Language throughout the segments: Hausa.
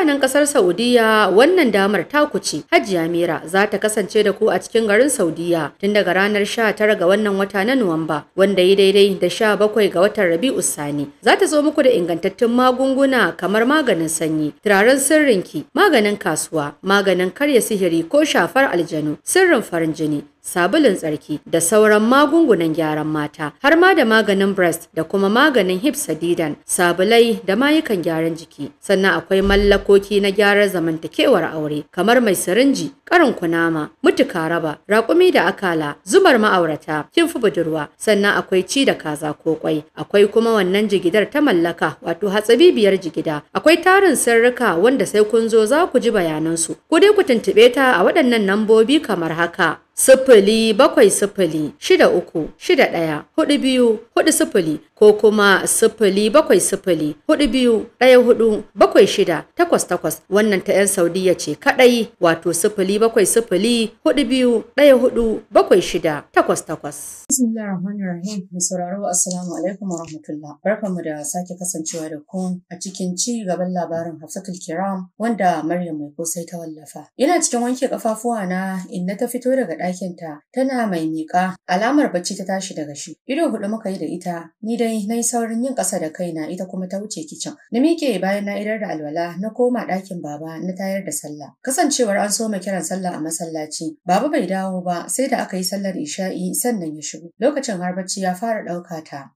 mutanen kasar Saudiya wannan damar taku ce. Hajiya Mira za ta kasance da ku a cikin garin Saudiya tun daga ranar 19 ga wannan wata na Nuwamba wanda ya daidai da 17 ga watan Rabi'u Sani. Za ta zo muku da ingantattun magunguna kamar maganin sanyi, turaren sirrinki, maganin kasuwa, maganin karya sihiri ko shafar aljanu, sirrin farin jini, sabulun tsarki da sauran magungunan gyaran mata har ma da maganin breast da kuma maganin hip sabulai da mayukan gyaran jiki sannan akwai mallako harkoki na gyaran zamantakewar aure kamar mai sirinji, karin kunama, mutuka raba, raƙumi da akala, zubar ma'aurata, kin fi budurwa, sannan akwai ci da kaza ko kwai, akwai kuma wannan jigidar ta mallaka wato biyar jigida, akwai tarin sirrika wanda sai kun zo za ku ji bayanansu. Ku dai ku tuntuɓe ta a waɗannan nambobi kamar haka. sifili bakwai sifili shida uku shida ɗaya hudu biyu hudu sifili ko kuma sifili bakwai sifili hudu biyu ɗaya hudu bakwai shida takwas takwas wannan ta 'yan saudiya ce kaɗai wato sifili bakwai sifili hudu biyu ɗaya hudu bakwai shida takwas takwas. Bismillahirrahmanirrahim mai sauraro assalamu alaikum wa rahmatullah barkanmu da sake kasancewa da ku a cikin ci gaban labarin Hafsatul Kiram wanda Maryam mai kosai ta wallafa. Ina cikin wanke kafafuwa na in na ta fito daga ɗakin ta tana mai miƙa alamar bacci ta tashi daga shi ido hudu muka yi da ita ni dai na yi saurin yin ƙasa da kaina ita kuma ta wuce kicin na miƙe bayan na idar da alwala na koma ɗakin baba na tayar da sallah kasancewar an soma kiran sallah a masallaci baba bai dawo ba sai da aka yi sallar isha'i sannan ya shigo lokacin har bacci ya fara ɗauka ta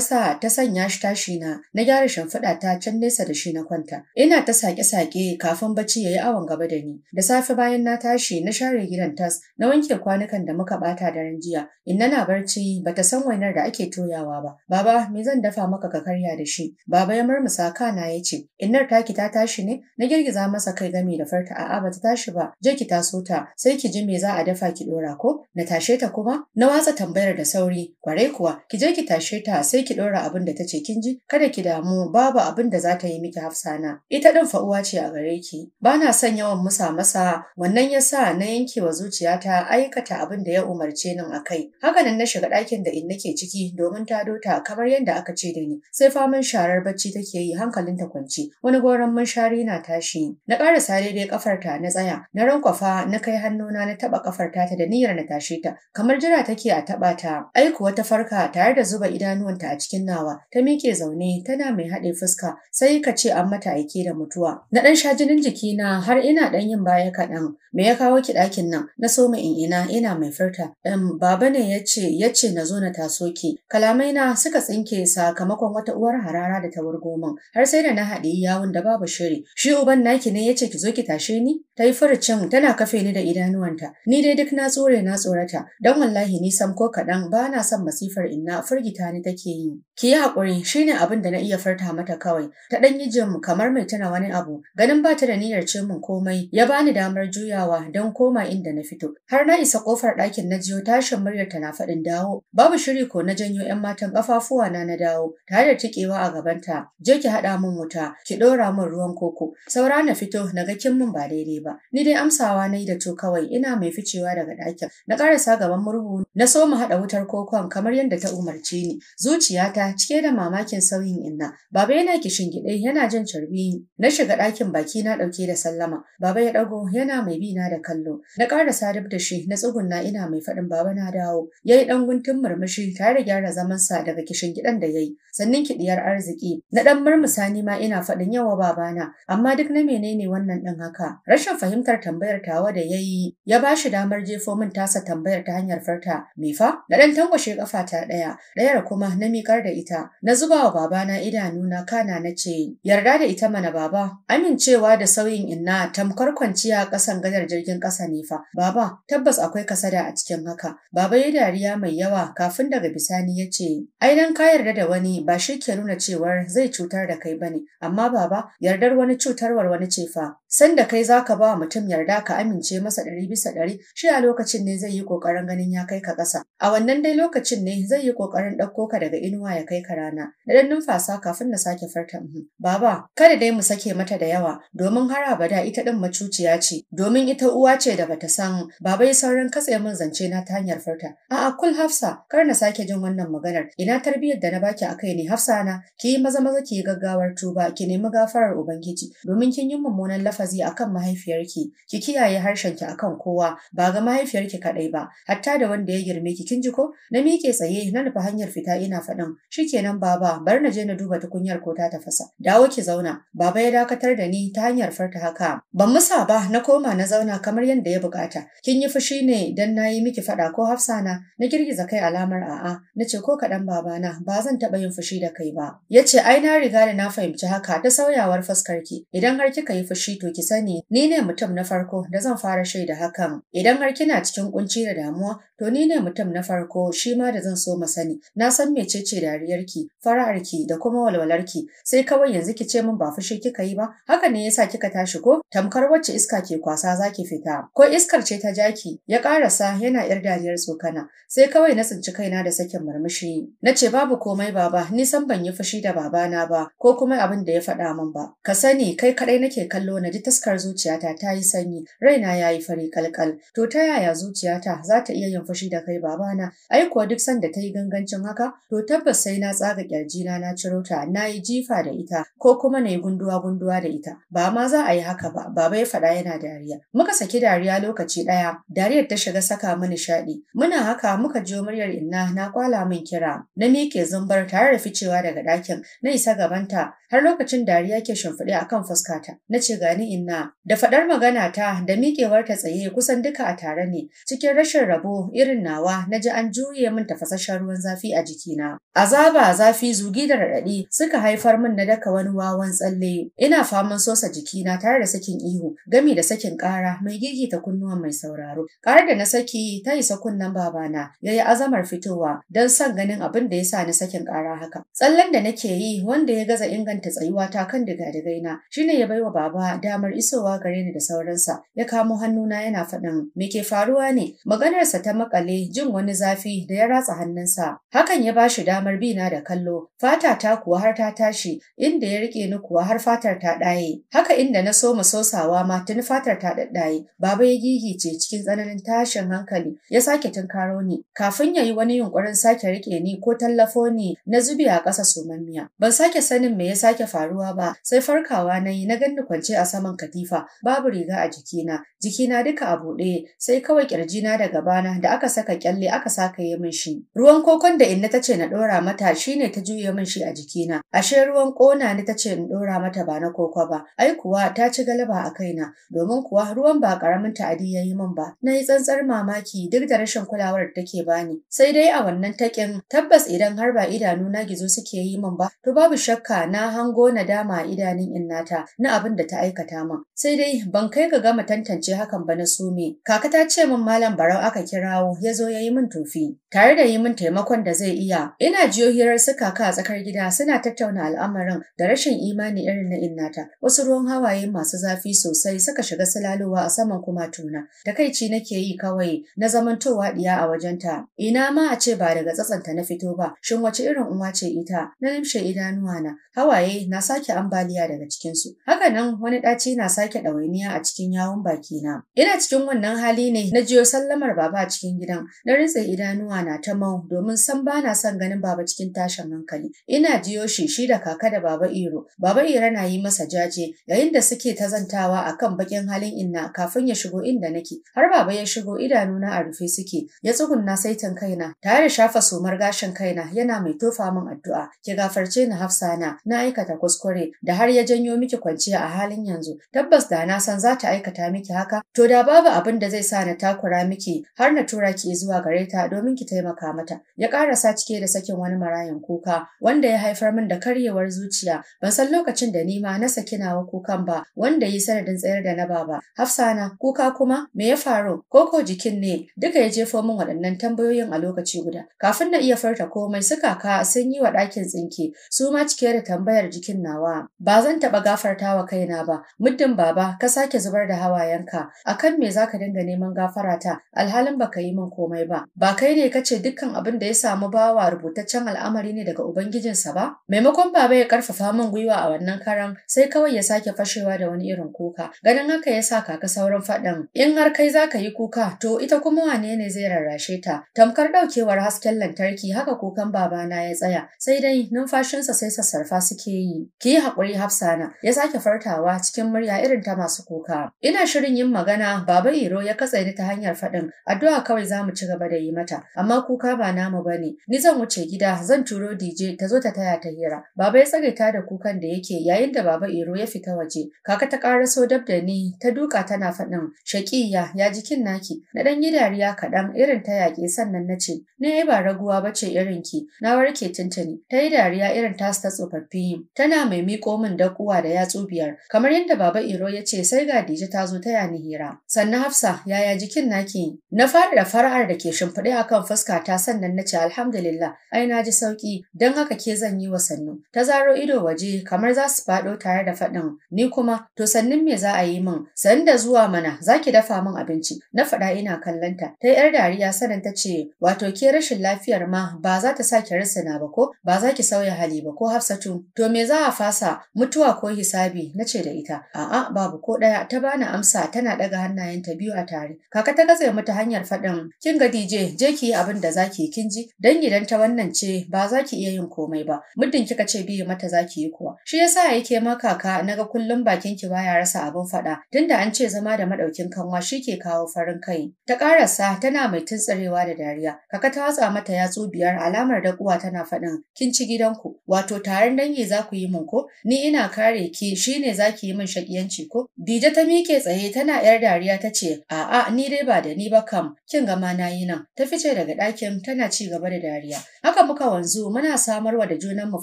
sa ta sanya shi tashi na na gyara shimfiɗa ta can nesa da shi na kwanta ina ta sake-sake kafin bacci ya yi awon gaba da ni da safe bayan na tashi na share gidan tas na wanke wanke kwanukan da muka bata daren jiya. In na barci bata san wainar da ake toyawa ba. Baba, me zan dafa maka ka karya da shi? Baba ya murmusa kana ya ce, Innar taki ta tashi ne? Na girgiza masa kai gami da farka. a'a bata tashi ba. Je ki taso ta, sai ki ji me za a dafa ki dora ko? Na tashe ta kuma? Na watsa tambayar da sauri. Kwarai kuwa, ki je ki tashe ta sai ki dora abin da ta ce kin ji? Kada ki damu, babu abin da za ta yi miki hafsana. Ita din fa uwa ce a gare ki. Ba na son yawan musa masa, wannan yasa sa na yankewa zuciyata aikata abin da ya umarce ni a kai. Hakanan na shiga ɗakin da in nake ciki domin ta dota kamar yadda aka ce da ni. Sai faman sharar bacci take yi hankalin ta kwance Wani goron munshari na tashi. Na ƙara dai daidai ƙafarta na tsaya. Na rankwafa na kai hannuna na taɓa ƙafarta ta da niyyar na tashe ta. Kamar jira take a taɓa ta. Ai kuwa ta farka tare da zuba idanuwanta a cikin nawa. Ta miƙe zaune tana mai haɗe fuska. Sai ka ce an mata aike da mutuwa. Na ɗan sha jinin jikina har ina ɗan yin baya kaɗan. Me ya kawo ki ɗakin nan? Na so mu in Ina, ina mai furta. ɗan baba ne ya ce ya ce na zo na taso ki. Kalamai na suka tsinke sakamakon wata uwar harara da ta wargo min har sai da na haɗe yawun da babu shiri. Shi uban naki ne ya ce ki zo ki tashe ni? Ta yi furucin tana kafe ni da idanuwanta. Ni dai duk na tsore na tsorata don wallahi ni sam ko kaɗan ba na son masifar inna firgita ni take yi. Ki yi haƙuri Shi ne abin da na iya farta mata kawai. Ta ɗan yi jim kamar mai tana wani abu ganin ba ta da niyyar ce min komai ya bani damar juyawa don koma inda na fito. Har na na isa kofar ɗakin na jiyo tashin muryar ta na faɗin dawo. Babu shiri ko na janyo 'yan matan ƙafafuwa na na dawo Ta da tikewa a gabanta. Je ki haɗa min wuta, ki ɗora min ruwan koko. Saura na fito na ga kin min ba daidai ba. Ni dai amsawa na yi da to kawai ina mai ficewa daga ɗakin. Na ƙarasa gaban murhu na so mu haɗa wutar kokon kamar yadda ta umarce ni. Zuciyata cike da mamakin sauyin inna. Baba yana kishin gide yana jan carbi. Na shiga ɗakin baki na ɗauke da sallama. Baba ya ɗago yana mai bi na da kallo. Na ƙarasa dab da shi na tsuguna ina mai faɗin baba na dawo. Ya yi ɗan guntun murmushi tare da gyara zamansa daga kishin gidan da ya yi. Sannin kiɗiyar arziki. Na ɗan murmusa ni ma ina faɗin yawa babana. Amma duk na menene wannan ɗin haka? Rashin fahimtar tambayar tawa da ya yi ya ba shi damar jefo min tasa tambayar ta hanyar farta. Me fa? Na ɗan tangwashe ta ɗaya. Ɗayar kuma na miƙar da ita. Na zuba wa babana idanuna kana na ce yarda da ita mana baba. Amincewa da sauyin inna tamkar kwanciya ƙasan gadar jirgin ƙasa ne fa. Baba tabbas akwai kasada a cikin haka. Baba ya dariya mai yawa kafin daga bisani ya ce, Ai dan ka yarda da wani ba shi ke nuna cewar zai cutar da kai bane, amma baba yardar wani cutarwar wani ce fa. San da kai za ka ba mutum yarda ka amince masa ɗari bisa ɗari, shi a lokacin ne zai yi ƙoƙarin ganin ya kai ka ƙasa. A wannan dai lokacin ne zai yi ƙoƙarin ɗauko ka daga inuwa ya kai ka rana. Da ɗan numfasa kafin na sake farta. Uhm, baba, kada dai mu sake mata da yawa, domin har abada ita ɗin macuciya ce, domin ita uwa ce da bata san baba ya sauran katse min zance na ta hanyar farta A'a kul Hafsa, kar na sake jin wannan maganar. Ina tarbiyyar da na baki akai ne Hafsa na, ki yi maza maza ki yi gaggawar tuba, ki nemi gafarar Ubangiji, domin kin yi mummunan lafazi akan mahaifiyarki, ki kiyaye harshen harshenki akan kowa, ba ga mahaifiyarki kaɗai ba, hatta da wanda ya girme ki kin ji ko? Na miƙe tsaye na nufa hanyar fita ina faɗin, shikenan baba, bar na je na duba tukunyar ko ta tafasa. Dawo ki zauna, baba ya dakatar da ni ta hanyar farta haka. Ban musa ba na koma na zauna kamar yadda ya bukata. Kin yi shi ne idan na yi miki faɗa ko hafsa na na girgiza kai alamar a'a na ce ko kaɗan babana ba zan taɓa yin fushi da kai ba. Ya ce ai na riga da na fahimci haka ta sauyawar fuskarki idan har kika yi fushi to ki sani ni ne mutum na farko da zan fara shaida hakan idan har kina cikin kunci da damuwa to ni ne mutum na farko shi ma da zan so ma sani na san mecece dariyarki fara'arki da kuma walwalarki sai kawai yanzu ki ce min ba fushi kika yi ba haka ne yasa kika tashi ko tamkar wacce iska ke kwasa zaki fita ko iskar ce ta jaki Ya ya karasa yana yar dariyar tsokana sai kawai na tsinci kaina da sakin murmushi na ce babu komai baba ni san ban yi fushi da babana ba ko kuma abin da ya faɗa min ba ka sani kai kaɗai nake kallo na ji taskar zuciyata ta yi sanyi raina ya yi fari kalkal to ta yaya zuciyata za ta iya yin fushi da kai babana ai kuwa duk sanda ta yi gangancin haka to tabbas sai na tsaga kirji na ciro ta na yi jifa da ita ko kuma na yi gunduwa gunduwa da ita ba ma za a yi haka ba baba ya faɗa yana dariya muka saki dariya lokaci ɗaya dariyar ta shiga saka mu nishaɗi. Muna haka muka jiyo muryar inna na kwala min kira. Na miƙe zumbar tare da ficewa daga ɗakin na isa gabanta har lokacin dariya ke shimfiɗe a kan fuskata. Na ce gani inna. Da faɗar magana ta da miƙewar ta tsaye kusan duka a tare ne. Cikin rashin rabo irin nawa na ji an juye min tafasasshen ruwan zafi a jikina. Azaba zafi zugi da raɗaɗi suka haifar min na daka wani wawan tsalle. Ina faman sosa jikina tare da sakin ihu gami da sakin ƙara mai gigita kunnuwa mai sauraro. kare da na saki ta isa kunnen babana ya yi azamar fitowa don son ganin abin da ya sa ni sakin kara haka. Tsallen da nake yi wanda ya gaza inganta tsayuwa ta kan digadigaina shine ya baiwa baba damar isowa gare ni da sauransa ya kamo hannuna yana faɗin me ke faruwa ne maganarsa ta makale jin wani zafi da ya ratsa hannunsa hakan ya bashi damar bi na da kallo fata ta kuwa har ta tashi inda ya rike ni kuwa har fatar ta ɗaye haka inda na so mu sosawa ma tuni fatar ta ɗaɗɗaye baba ya gigice cikin tsananin tsananin tashin hankali ya sake tunkaro ni kafin ya yi wani yunkurin sake rike ni ko tallafo ni na zubi a ƙasa somammiya. Ban sake sanin me ya sake faruwa ba sai farkawa na yi na ganni kwance a saman katifa babu riga a jikina jikina duka a buɗe sai kawai ƙirjina da gabana da aka saka kyalle aka saka yi min shi. Ruwan kokon da inna ta ce na ɗora mata shine ta juye min shi a jikina ashe ruwan ƙona ni ta ce in ɗora mata ba na koko ba ai kuwa ta ci galaba a kaina domin kuwa ruwan ba ƙaramin ta'adi ya yi min ba na na yi tsantsar mamaki duk da rashin kulawar da take bani. Sai dai a wannan takin tabbas idan har ba idanu na gizo suke yi min ba, to babu shakka na hango na dama idanun innata na abin da ta aikata min. Sai dai ban kai ga gama tantance hakan ba na sume. Kaka ta ce min malam Barau aka kirawo ya zo ya yi min tofi. Tare da yi min taimakon da zai iya, ina jiyo hirar su kaka a tsakar gida suna tattauna al'amarin da rashin imani irin na innata. Wasu ruwan hawaye masu zafi sosai suka shiga sulalowa a saman kumatuna. Da kai ci nake take yi kawai na zamantowa ɗiya a wajenta. Ina ma a ce ba daga tsatsanta na fito ba, shin wace irin uwa ce ita? Na nimshe idanuwa na, hawaye na sake ambaliya daga cikinsu. Haka nan wani ɗaci na sake ɗawainiya a cikin yawun bakina. Ina cikin wannan hali ne na jiyo sallamar baba a cikin gidan, na rintse idanuwa na ta mau domin san ba na son ganin baba cikin tashin hankali. Ina jiyo shi shi da kaka da baba Iro. Baba Iro na yi masa jaje yayin da suke ta zantawa akan bakin halin inna kafin ya shigo inda nake. Har baba ya shigo idanuna a rufe suke, ya tsugunna saitin kaina, tare da shafa somar gashin kaina yana mai tofa min addu'a, ki gafarce ni Hafsana, na na aikata kuskure da har ya janyo miki kwanciya a halin yanzu. Tabbas da na san za ta aikata miki haka, to da babu abin da zai sa na takura miki har na tura ki zuwa gare ta domin ki taimaka mata. Ya karasa cike da sakin wani marayan kuka wanda ya haifar min da karyewar zuciya. Ban san lokacin da ni ma na saki nawa kukan ba wanda yi sanadin tsayar da na baba. Hafsana kuka kuma me ya faru? ko ko jikin ne duka ya jefo min waɗannan tambayoyin a lokaci guda kafin na iya farta komai su kaka sun yi wa ɗakin tsinke su ma cike da tambayar jikin nawa ba zan taɓa gafarta wa kaina ba muddin baba ka sake zubar da hawayenka akan me zaka dinga neman gafara ta alhalin baka yi min komai ba ba kai ne ka ce dukkan abin da ya samu bawa rubutaccen al'amari ne daga ubangijinsa ba maimakon baba ya karfafa min gwiwa a wannan karan sai kawai ya sake fashewa da wani irin kuka ganin haka ya sa kaka sauran faɗin in har kai zaka yi yi kuka to ita kuma wane ne zai rarrashe ta tamkar daukewar hasken lantarki haka kukan babana ya tsaya sai dai numfashinsa sai sassarfa suke yi ki yi haƙuri hafsana ya sake fartawa cikin murya irin ta masu kuka ina shirin yin magana baba iro ya katse ni ta hanyar faɗin addu'a kawai za mu ci gaba da yi mata amma kuka ba namu ba ne ni zan wuce gida zan turo dj ta zo ta taya ta hira baba ya tsare da kukan da yake yayin da baba iro ya fita waje kaka ta ƙaraso dab da ni ta duka tana faɗin shaƙiya ya jikin furucin naki na dan yi dariya kaɗan irin ta yaƙi sannan na ce ni ai ba raguwa ba ce irin ki na warke tuntuni ta yi dariya irin tasu ta tsofaffi tana mai miƙo min dakuwa da yatsu biyar kamar yadda baba iro ya ce sai ga dije ta zo taya ni hira sannan hafsa yaya jikin naki na fara da fara'ar da ke shimfiɗe a kan fuska ta sannan na ce alhamdulillah ai na ji sauki don haka ke zan yi wa sannu ta zaro ido waje kamar za su faɗo tare da faɗin ni kuma to sannin me za a yi min sanda da zuwa mana za ki dafa min abinci na faɗa ina kallonta. Ta yar dariya sanin ta ce, wato ke rashin lafiyar ma ba za ta sa ki na ba ko ba za ki sauya hali ba ko Hafsatu. To me za a fasa mutuwa ko hisabi na ce da ita. A'a babu ko ɗaya ta bani amsa tana ɗaga hannayen ta biyu a tare. Kaka ta gaza mata hanyar faɗin kin ga DJ je ki yi abin da za zaki kin ji dan gidan ta wannan ce ba za ki iya yin komai ba. Muddin kika ce biyu mata za ki yi kuwa. Shi yasa yake ma kaka naga kullum bakin ki baya rasa abin faɗa tunda an ce zama da maɗaukin kanwa shi ke kawo farin kai. Ta ƙarasa tana mai tuntsarewa da dariya. Kaka ta watsa mata yatsu biyar alamar da kuwa tana faɗin kin ci gidanku wato taron dangi za ku yi mun ko ni ina kare ki shine za ki yi min shakiyanci ko. Dija ta miƙe tsaye tana yar dariya ta ce a'a ni dai ba da ni ba kam kin gama na yi nan. Ta fice daga ɗakin tana ci gaba da dariya. Haka muka wanzu muna samarwa da junanmu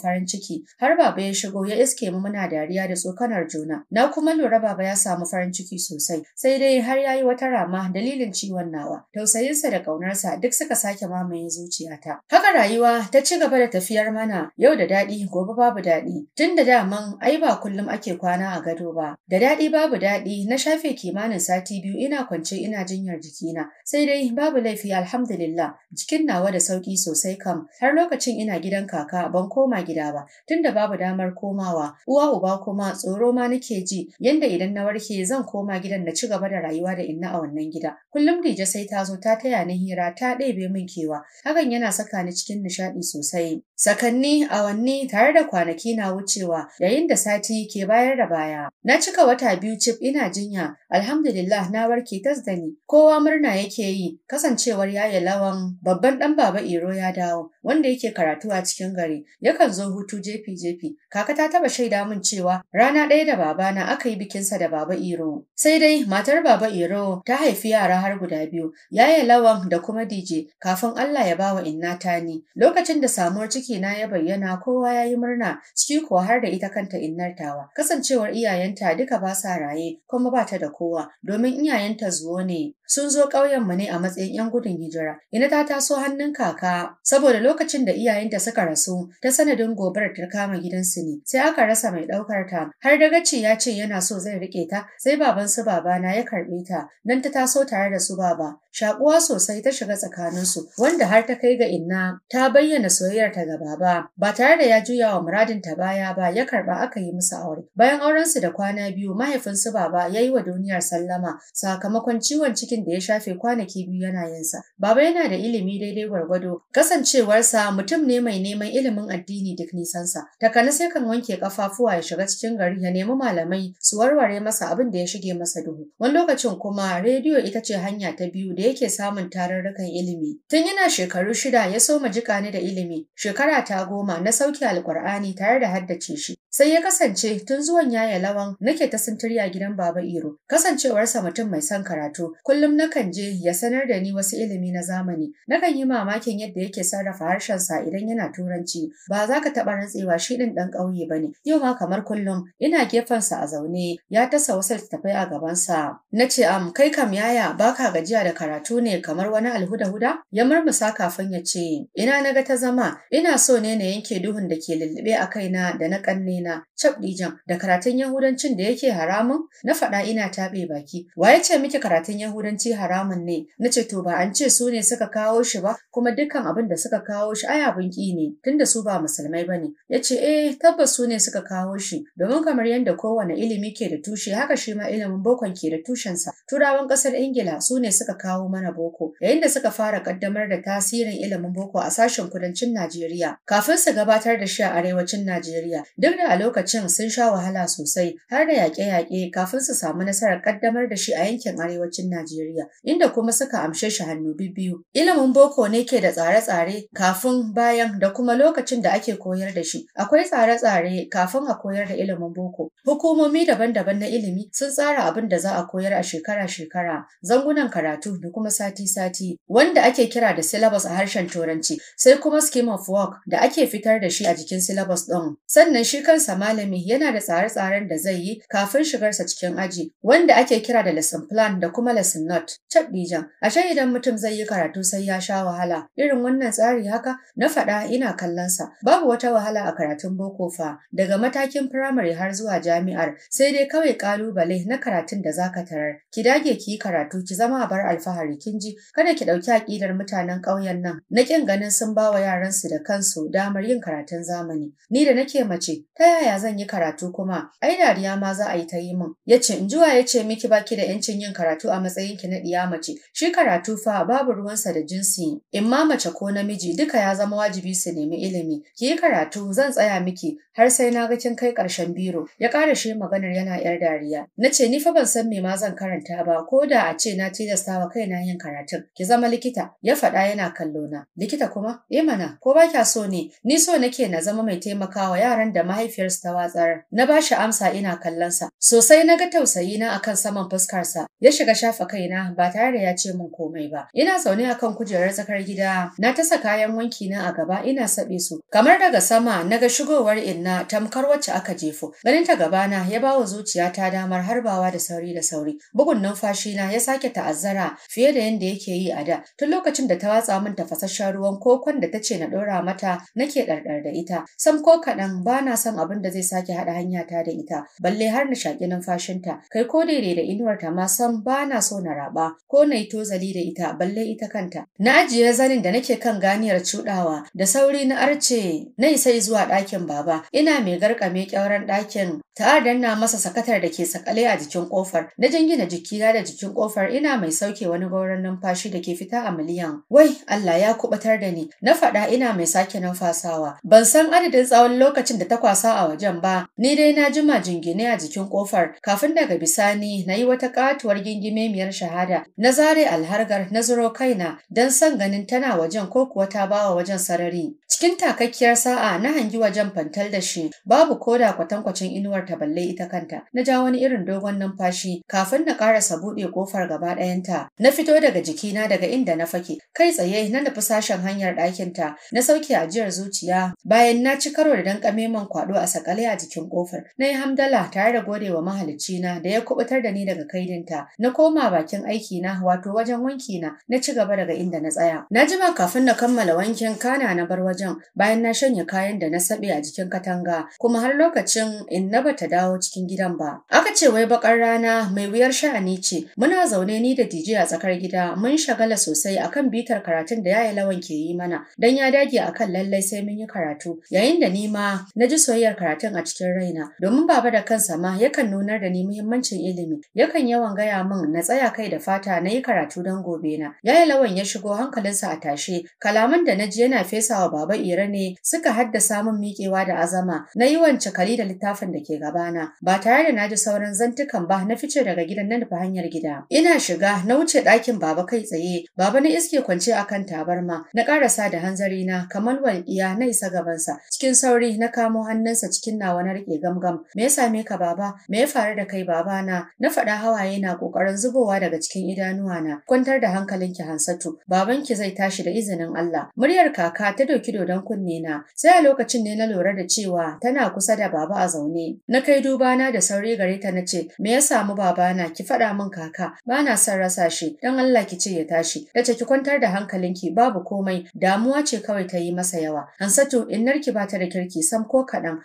farin ciki har baba ya shigo ya iske mu muna dariya da tsokanar juna. Na kuma lura baba ya samu farin ciki sosai sai dai har yayi wata rama dalilin ciwon nawa tausayinsa da ƙaunarsa duk suka sake mamaye zuciyata haka rayuwa ta ci gaba da tafiyar mana yau da daɗi gobe babu daɗi tun da daman ai ba kullum ake kwana a gado ba da daɗi babu daɗi na shafe kimanin sati biyu ina kwance ina jinyar jikina sai dai babu laifi alhamdulillah jikin nawa da sauki sosai kam har lokacin ina gidan kaka ban koma gida ba tunda babu damar komawa uwa uba kuma tsoro ma nake ji yanda idan na warke zan koma gidan na ci gaba da rayuwa da inna a wannan gida. Kullum Dija sai ta zo ta taya ni hira ta ɗebe min kewa. Hakan yana saka ni cikin nishaɗi sosai. Sakanni, awanni tare da kwanaki na wucewa yayin da sati ke bayar da baya. Na cika wata biyu cif ina jinya, alhamdulillah na warke tas da ni. Kowa murna yake yi, kasancewar yaya lawan babban dan baba Iro ya dawo, wanda yake karatu a cikin gari. Yakan zo hutu jefi-jefi. Kaka ta taba shaida min cewa rana ɗaya da babana aka yi bikinsa da baba Iro. Sai dai matar baba Iro ta haifi yara har guda biyu, yaya lawan da kuma dije, kafin Allah ya bawa inna tani. Lokacin da samuwar ciki ciki na ya bayyana kowa ya yi murna ciki ko har da ita kanta innartawa kasancewar iyayenta duka ba sa raye kuma ba ta da kowa domin iyayenta zuwo ne sun zo ƙauyen mu ne a matsayin yan gudun hijira ina ta taso hannun kaka saboda lokacin da iyayenta suka rasu ta sanadin gobarar ta kama gidansu ne sai aka rasa mai ɗaukar ta har dagaci ya ce yana so zai rike ta sai baban su babana ya karɓe ta nan ta taso tare da su baba shakuwa sosai ta shiga tsakaninsu wanda har ta kai ga inna ta bayyana soyayyar ta gaba baba ba tare da ya juya wa muradin ta baya ba ya karba aka yi musu aure bayan aurensu da kwana biyu mahaifinsu baba ya yi wa duniyar sallama sakamakon ciwon cikin da ya shafe kwanaki biyu yana yinsa baba yana da ilimi daidai gwargwado kasancewarsa mutum ne mai neman ilimin addini duk nisansa takana sai kan wanke kafafuwa ya shiga cikin gari ya nemi malamai su warware masa abin da ya shige masa duhu wani lokacin kuma rediyo ita ce hanya ta biyu da yake samun tararrukan ilimi tun yana shekaru shida ya soma jika ne da ilimi shekara ta goma na sauki alkur'ani tare da haddace shi sai ya kasance tun zuwan yaya lawan nake ta sintiri a gidan baba iro kasancewarsa mutum mai son karatu kullum nakan je ya sanar da ni wasu ilimi na zamani nakan yi mamakin yadda yake sarrafa harshensa idan yana turanci ba za ka taɓa rantsewa shi ɗin ɗan ƙauye ba ne yau ma kamar kullum ina gefensa a zaune ya tasa wasu littattafai a gabansa na ce am kai kam yaya baka gajiya da karatu ne kamar wani alhuda-huda ya murmusa kafin ya ce ina na ga ta zama ina Ina so ne na yanke duhun da ke lullube a kaina da na kanne na cap ɗijan, da karatun Yahudancin da yake haramun? Na faɗa ina taɓe baki. Wa ya ce miki karatun Yahudanci haramun ne? Na ce to ba an ce su ne suka kawo shi ba, kuma dukkan abin da suka kawo shi ai abin ki ne, tunda su ba musulmai ba ne. Ya ce eh tabbas su ne suka kawo shi, domin kamar yadda kowane ilimi ke da tushe haka shi ma ilimin bokon ke da tushensa. Turawan ƙasar Ingila su ne suka kawo mana boko, yayin da suka fara ƙaddamar da tasirin ilimin boko a sashen kudancin Najeriya. Najeriya kafin su gabatar da shi a arewacin Najeriya duk da a lokacin sun sha wahala sosai har da yaƙe-yaƙe kafin su samu nasarar ƙaddamar da shi a yankin arewacin Najeriya inda kuma suka amshe shi hannu biyu. Ilimin boko ne ke da tsare-tsare kafin bayan da kuma lokacin da ake koyar da shi. Akwai tsare-tsare kafin a koyar da ilimin boko. Hukumomi daban-daban na ilimi sun tsara abin da za a koyar a shekara-shekara, zangunan karatu da kuma sati-sati wanda ake kira da syllabus a harshen Turanci sai kuma scheme of work homework da ake fitar da shi a jikin syllabus ɗin. Sannan shi kansa malami yana da tsare-tsaren da zai yi kafin shigarsa cikin aji, wanda ake kira da lesson plan da kuma lesson note. Dijan, a can idan mutum zai yi karatu sai ya sha wahala, irin wannan tsari haka na faɗa ina kallonsa. Babu wata wahala a karatun boko fa, daga matakin firamare har zuwa jami'ar, sai dai kawai ƙalubale na karatun da zaka tarar. Ki dage ki yi karatu, ki zama a bar alfahari, kin ji, kada ki ɗauki aƙidar mutanen ƙauyen nan, na ƙin ganin sun bawa yaransu da kan kansu damar yin karatun zamani. Ni da nake mace, ta yaya zan yi karatu kuma? Ai dariya ma za a yi ta yi min. Ya ce, juwa ya ce miki baki da ‘yancin yin karatu a matsayin ki na ɗiya mace. Shi karatu fa babu ruwansa da jinsi. In ma mace ko namiji duka ya zama wajibi su nemi ilimi. Ki yi karatu zan tsaya miki har sai na ga kin kai ƙarshen biro. Ya ƙara shi maganar yana ‘yar dariya. Na ce ni fa ban san me ma zan karanta ba ko da a ce na tilasta wa kai na yin karatun. Ki zama likita. Ya faɗa yana kallo na. Likita kuma? Eh mana ko ba kya so ne, ni so nake na zama mai taimakawa yaran da mahaifiyarsa ta watsar. Na ba shi amsa ina kallonsa, sosai na ga tausayi na akan saman fuskarsa, ya shiga shafa kaina ba tare da ya ce min komai ba. Ina zaune akan kujerar tsakar gida, na tasa kayan wanki na a gaba ina saɓe su. Kamar daga sama na ga shigowar inna tamkar wacce aka jefo. Ganin ta gabana ya ba wa zuciyata damar harbawa da sauri da sauri. Bugun numfashi na ya sake ta'azzara fiye da yadda yake yi a da. Tun lokacin da ta watsa min tafasasshen ruwan kokon da ta ce na ɗora mata mata nake ɗarɗar da ita sam ko kaɗan ba na son abin da zai sake haɗa hanya ta da ita balle har na shaƙi numfashinta kai ko daidai da inuwarta ma sam ba na so na raɓa ko na yi tozali da ita balle ita kanta na ajiye zanin da nake kan ganiyar cuɗawa da sauri na arce na sai zuwa ɗakin baba ina mai garkame ƙyauren ɗakin ta'ar na masa sakatar da ke sakale a jikin ƙofar na jingina jikina da jikin ƙofar ina mai sauke wani gauran numfashi da ke fita a miliyan wai Allah ya kubatar da ni na faɗa ina mai sake sake numfasawa. Ban san adadin tsawon lokacin da ta kwasa a wajen ba, ni dai na jima jingine a jikin kofar kafin daga bisani na yi wata katuwar gingime miyar shahada. Na zare alhargar na zuro kaina don san ganin tana wajen ko kuwa ta bawa wajen sarari. Cikin takakkiyar sa'a na hangi wajen fantal da shi babu koda kwatankwacin inuwar ta balle ita kanta. Na ja wani irin dogon numfashi kafin na karasa buɗe kofar gaba ɗayanta. Na fito daga jikina daga inda na fake kai tsaye na nufi sashen hanyar ɗakinta na sauke ajiyar zuciya bayan na ci karo da dankame man kwado a sakale a jikin kofar. Na yi hamdala tare da gode wa mahalicci na da ya kubutar da ni daga kaidinta. Na koma bakin aiki na wato wajen wanki na na ci gaba daga inda na tsaya. Na jima kafin na kammala wankin kana na bar wajen bayan na shanya kayan da na saɓe a jikin katanga kuma har lokacin in na bata dawo cikin gidan ba. Aka ce wai bakar rana mai wuyar sha'ani ce muna zaune ni da DJ a tsakar gida mun shagala sosai akan bitar karatun da yayi lawan ke yi mana dan ya dage a akan lallai sai mun yi karatu yayin da ni ma na ji soyayyar karatun a cikin raina domin baba da kansa ma yakan nunar da ni muhimmancin ilimi yakan yawan gaya min na tsaya kai da fata na yi karatu don gobe na yaya lawan ya shigo hankalinsa a tashe kalaman da na ji yana fesawa baba ira ne suka haddasa min miƙewa da azama na yi wance kali da littafin da ke gabana ba tare da na ji sauran zantukan ba na fice daga gidan na nufi hanyar gida ina shiga na wuce ɗakin baba kai tsaye baba na iske kwance akan tabarma na ƙarasa da hanzari na kamar malwan iya na isa gabansa. Cikin sauri na kamo hannunsa cikin nawa na riƙe gamgam. Me ya same ka baba? Me ya faru da kai baba na? Na faɗa hawaye na ƙoƙarin zubowa daga cikin idanuwa na. Kwantar da hankalinki Hansatu. Babanki zai tashi da izinin Allah. Muryar kaka ta doki dodon kunne na. Sai a lokacin ne na lura da cewa tana kusa da baba a zaune. Na kai duba na da sauri gare ta na ce, "Me ya samu babana ki faɗa min kaka, ba na son rasa shi, Dan Allah ki ce ya tashi." tace ki kwantar da hankalinki babu komai, damuwa ce kawai ta yi masa yawa. Hansatu in ba ta da kirki sam ko kaɗan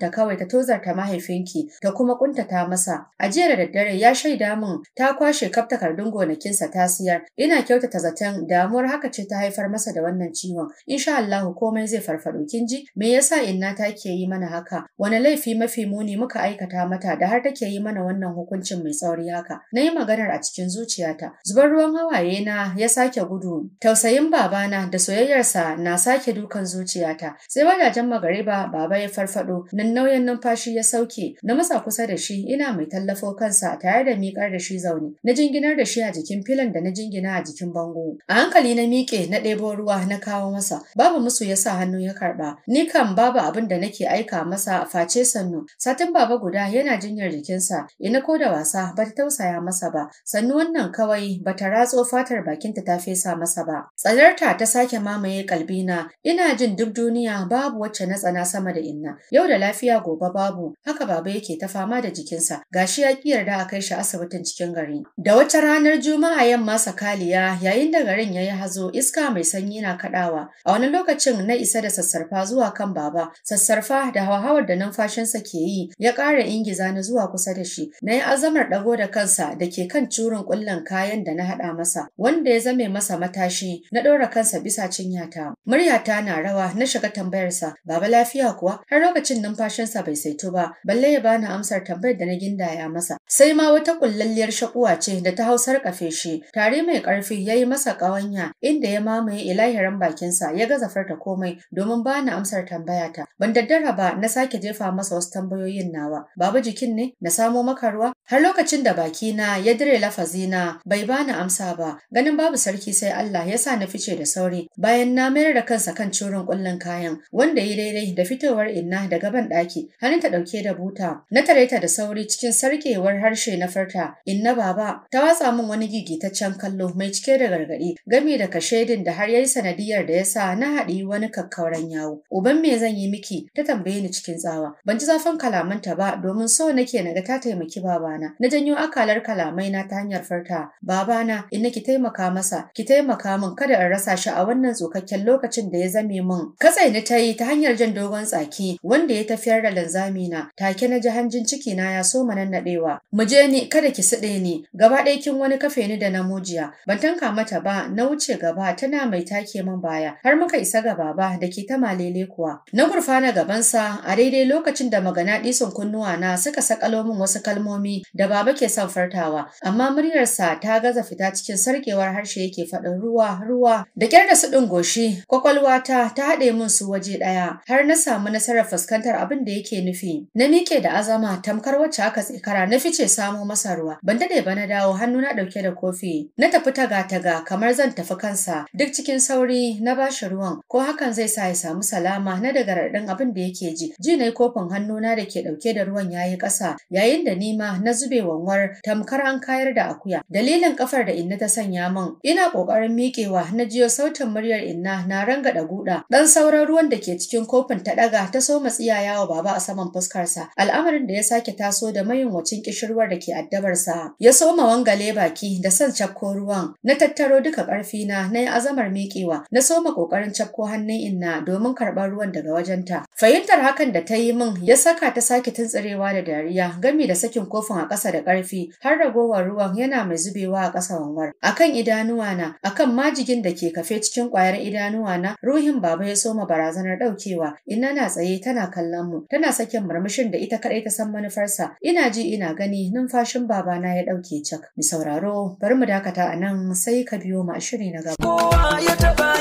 ta kawai ta tozarta mahaifinki ta kuma kuntata masa. A jiya da daddare ya shaida min ta kwashe kaf takardun gonakinsa ta siyar. Ina kyautata zaton damuwar haka ce ta haifar masa da wannan ciwon. Insha Allahu komai zai farfado kin ji me yasa inna take yi mana haka? Wani laifi mafi muni muka aikata mata da har take yi mana wannan hukuncin mai tsauri haka. Na yi maganar a cikin zuciyata. Zubar ruwan hawaye na ya sake gudu. Tausayin babana da soyayyarsa na sake dukan zuciyata sai jan magariba baba ya farfado nan nauyin numfashi ya sauke na masa kusa da shi ina mai tallafo kansa tare da miƙar da shi zaune na jinginar da shi a jikin filan da na jingina a jikin bango a hankali na miƙe na ɗebo ruwa na kawo masa babu musu ya sa hannu ya karɓa ni kan babu abin da nake aika masa a face sannu satin baba guda yana jinyar jikinsa ina ko da wasa ba ta tausaya masa ba sannu wannan kawai ba ta ratso fatar bakinta ta fesa masa ba tsadarta ta sake mamaye kalbina Ina jin duk duniya babu wacce na tsana sama da inna. Yau da lafiya gobe babu, haka baba yake ta fama da jikinsa. ga shi ya ki yarda a kai shi asibitin cikin gari. Da wata ranar Juma'a yamma sakaliya yayin da garin ya yi hazo iska mai sanyi na kaɗawa. A wani lokacin na isa da sassarfa zuwa kan baba. Sassarfa da hauhawar da numfashinsa ke yi ya ƙara ingiza na zuwa kusa da shi. Na yi azamar ɗago da kansa da ke kan curin ƙullan kayan da na haɗa masa wanda ya zame masa matashi na ɗora kansa bisa cinyata. Muryata na rawa na shiga tambayarsa baba lafiya kuwa har lokacin numfashinsa bai saito ba balle ya bani amsar tambayar da na gindaya masa sai ma wata kullalliyar shakuwa ce da ta hausar kafe shi tare mai karfi ya yi masa kawanya inda ya mamaye ilahiran bakinsa ya gaza farta komai domin bani amsar tambayata ban daddara ba na sake jefa masa wasu tambayoyin nawa baba jikin ne na samo maka ruwa har lokacin da bakina ya dire lafazi na bai bani amsa ba ganin babu sarki sai Allah ya sa na fice da sauri bayan na mayar da kansa kan curin kullun kayan wanda ya daidai da fitowar inna daga ban ɗaki hannun ta ɗauke da buta na tare da sauri cikin sarkewar harshe na farta inna baba ta watsa min wani gigitaccen kallo mai cike da gargaɗi gami da kashedin da har yayi sanadiyar da ya sa na haɗi wani kakkauran yawo uban me zan yi miki ta tambaye ni cikin tsawa ban ji zafin ta ba domin so nake naga ta taimaki babana na janyo akalar kalamai na ta hanyar farta babana inna ki taimaka masa ki taimaka min kada in rasa shi a wannan tsokakken lokacin da ya zame min. Katsai ni ta yi ta hanyar jan dogon tsaki wanda ya tafiyar da linzami na take na ji hanjin ciki na ya so naɗewa. Mu je ni kada ki siɗe ni gaba ɗaya kin wani kafe ni da na mujiya. ban tanka mata ba na wuce gaba tana mai take min baya har muka isa gaba ba, da ke ta malele kuwa. Na gurfana gabansa a daidai lokacin da magana maganaɗisin kunnuwa na suka sakalo min wasu kalmomi da baba ke son fartawa amma muryarsa ta gaza fita cikin sarkewar harshe yake faɗin ruwa ruwa da kyar da suɗin goshi kwakwalwa ta ta ta haɗe min su waje ɗaya har na samu nasarar fuskantar abin da yake nufi. Na miƙe da azama tamkar wacce aka tsikara na fice samo masa ruwa. Ban daɗe ba na dawo hannu na ɗauke da kofi. Na tafi taga-taga kamar zan tafi kansa. Duk cikin sauri na ba shi ruwan ko hakan zai sa ya samu salama na daga raɗin abin da yake ji. Ji na kofin hannu na da ke ɗauke da ruwan ya yi ƙasa yayin da ni ma na zube wanwar tamkar an kayar da akuya. Dalilin ƙafar da inna ta sanya min ina ƙoƙarin miƙewa na jiyo sautin muryar inna na rangada buɗa. Ɗan sauran ruwan da ke cikin kofin ta ɗaga ta soma tsiyaya wa baba a saman fuskarsa. Al'amarin da ya sake taso da mayin wacin kishirwar da ke addabarsa. Ya soma wangale baki da son cafko ruwan. Na tattaro duka ƙarfi na na yi azamar miƙewa. Na soma ƙoƙarin cafko hannun inna domin karɓar ruwan daga wajenta. Fahimtar hakan da ta yi min ya saka ta sake tuntsirewa da dariya gami da sakin kofin a ƙasa da ƙarfi har ragowar ruwan yana mai zubewa a ƙasa wanwar. Akan idanuwana, akan majigin da ke kafe cikin ƙwayar idanuwana, ruhi ruhin baba ya soma barazanar ɗaukewa ina na tsaye tana kallon mu tana sakin murmushin da ita kadai ta san manufarsa ina ji ina gani numfashin babana ya ɗauke cak mi sauraro bari mu dakata a nan sai ka biyo mu a shiri na gaba.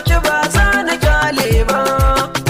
ya ba za na